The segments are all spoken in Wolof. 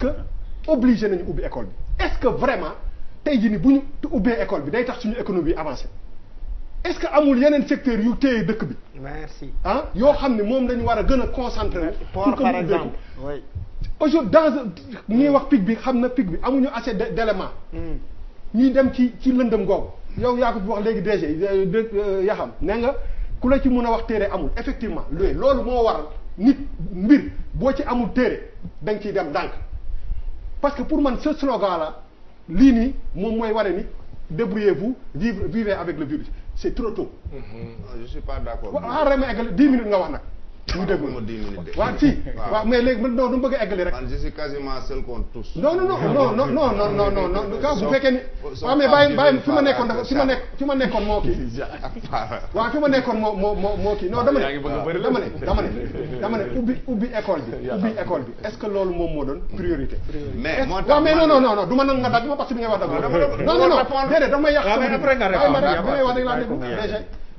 que obligé nañu ubbi école bi est-ce que vraiment tey jii ni bu école bi day tax suñu économie avancée est-ce que amul yenen secteur yu téye dëkk bi. merci ah yo xamni ne lañu wara gëna concentrer. pour par exemple oui. aujourd'hui dans ñi wax pic bi xamna pic bi amuñu assez d'éléments. Hmm. ñi dem ci ci lëndëm googu. yow yaa ko wax légui DG ya xam né nga ku la ci mëna wax téré amul effectivement loolu mo waral nit mbir bo ci amul téré da ci dem dank parce que pour moi, ce slogan là l'INI, mon moyen, débrouillez-vous vivez avec le virus c'est trop tôt. Mhm. je ne suis pas d'accord. on xaaral ma 10 minutes nga mu déglu ma dix minutes de. waaw si waaw mais léegi man non du ma bëgg a eggali rek. man je suis quasiment seul contre tous. non non non non non non non non non non bu fekkee ni. waaw mais bàyyi bàyyi fi ma nekkoon dafa fi ma nekk fi ma nekkoon moo kii. waaw fi ma nekkoon moo moo moo moo kii non dama ne. dama ne dama ne dama ne ubbi ubbi école bi. ubbi école bi est-ce que loolu moom moo doon priorité. mais moo tax waaw mais non non non du ma nag nga dagg ma parce que bi nga wax dagg. non non non déedéet dama yàq. waaw mais après nga récolté waaw waaw waaw waaw waaw waaw waaw waaw waaw waaw waaw waaw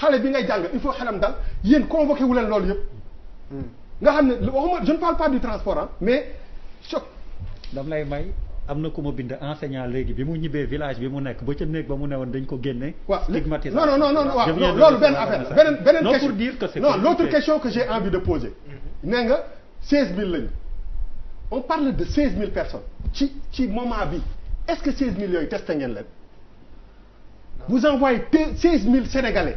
xalé bi ngay jàngal il faut xalam dal yeen convoqué wulen leen loolu yëpp. nga xamné waxuma je ne parle pas du transport hein mais choc. dam lay may amna na ku bind enseignant léegi bi mu ñibbee village bi mu nekk ba ca nek ba mu newoon dañ ko génné stigmatisation stigmatisé non non non non waaw loolu benn affaire benen benen question non pour dire que c'est non l'autre question que j'ai envie de poser. Mhm. né nga 16000 lañ on parle de 16000 personnes ci ci moment bi est-ce que 16000 yoy testé ngeen leen. vous envoyez 16000 sénégalais.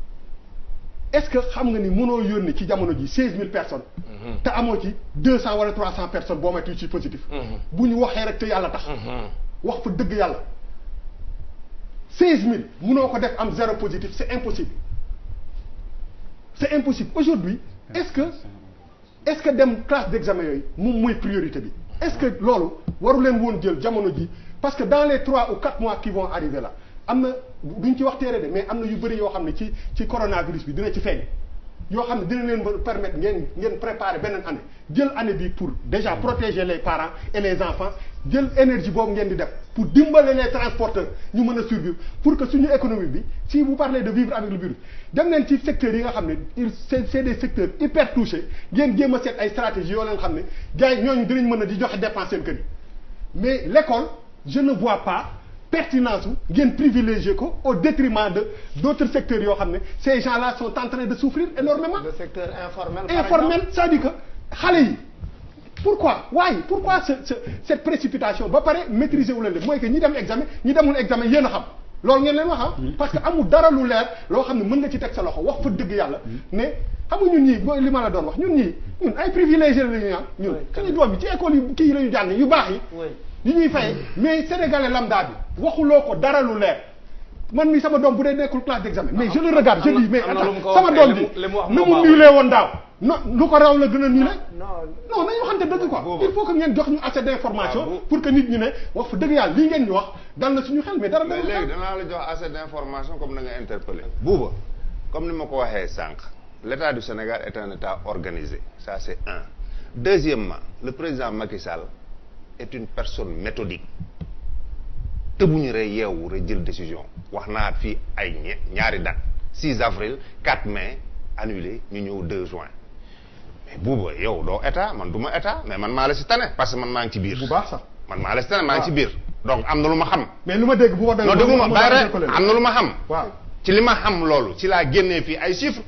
est-ce que xam nga ni mëno yoni ci jamono ji personnes 200 ou 300 personnes bo ma ci positif mhm. buñ waxé rek te yalla tax mhm. wax fa deug yalla 16000 mëno def am zéro positif c'est impossible c'est impossible aujourd'hui est-ce que est-ce classe d'examen yoy mom priorité est-ce que lolu waru len won parce que dans les 3 ou 4 mois qui vont arriver là amna buñ ci wax téere de mais amna yu bëri yo xamné ne ci ci coronavirus bi dina ci feeñ yo xamné ne dina leen permettre ngeen ngeen préparer benen année jël année bi pour déjà protéger les parents et les enfants jël énergie boobu ngeen di def pour dimbaler les transporteurs ñu mëna a survivre pour que suñu économie bi si vous parlez de vivre avec le virus dem leen ci secteur yi nga xamné ne il c'est des secteurs hyper touchés ngeen jéem a ay stratégie yo leen xamné ne gars ñooñu dinañ mëna a di joxe dépense seen kër mais l'école je ne vois pas pertinence qui bien privilégié au détriment de d'autres secteurs ces gens là sont en train de souffrir énormément le secteur informel informel ça dit que pourquoi Why? pourquoi ce cette précipitation ba paraître maîtriser ou le Moi, que ñi d'un examen ñi examen yéna a loolu ngeen len wax ah. hmm. parce que amul dara lu leer lo xam meun nga ci tek sa loxo wax fa deug yalla ne xam ñun ñii mooy li ma la doon wax ñun ñii ñun ay privilégiés la ñu ah. ñun suñu doom bi ci école yu kii la jàng yu bax yi. yu ñuy fay hmm. mais sénégalais lambda bi waxu loko dara lu leer man mi sama dom bu nekul classe d'examen mais je le ah, regarde je dis mais sama dom bi nu mu niilee won daw lu ko raw la gëna a niile non nañu waxante dëgg quoi il faut que ñen jox ñu assez d'information ah, pour que nit ñi né wax fa dëgg yàlla lii ngeen ñu wax dal na suñu xel mais dara léegi la jox assez d'information comme na nga interpellé Bouba, comme ni ma ko waxee l'état du Sénégal est un état organisé ça c'est un deuxièmement le président Macky Sall est une personne méthodique tebuñu ré yewu ré jël décision wax fii ay ñaari date 6 avril 4 mai annulé ñu ñëw 2 juin mais buuba yow doo état man duma état mais man maa la si tane parce que man maa ngi ci biir. bu baax sax man maa la si tane maa ngi ci ah. biir. donc am na lu ma xam. mais lu ma dégg bu ma dégg. non am na lu ma xam. waaw ci li ma xam loolu ci laa génnee fii ay chiffres.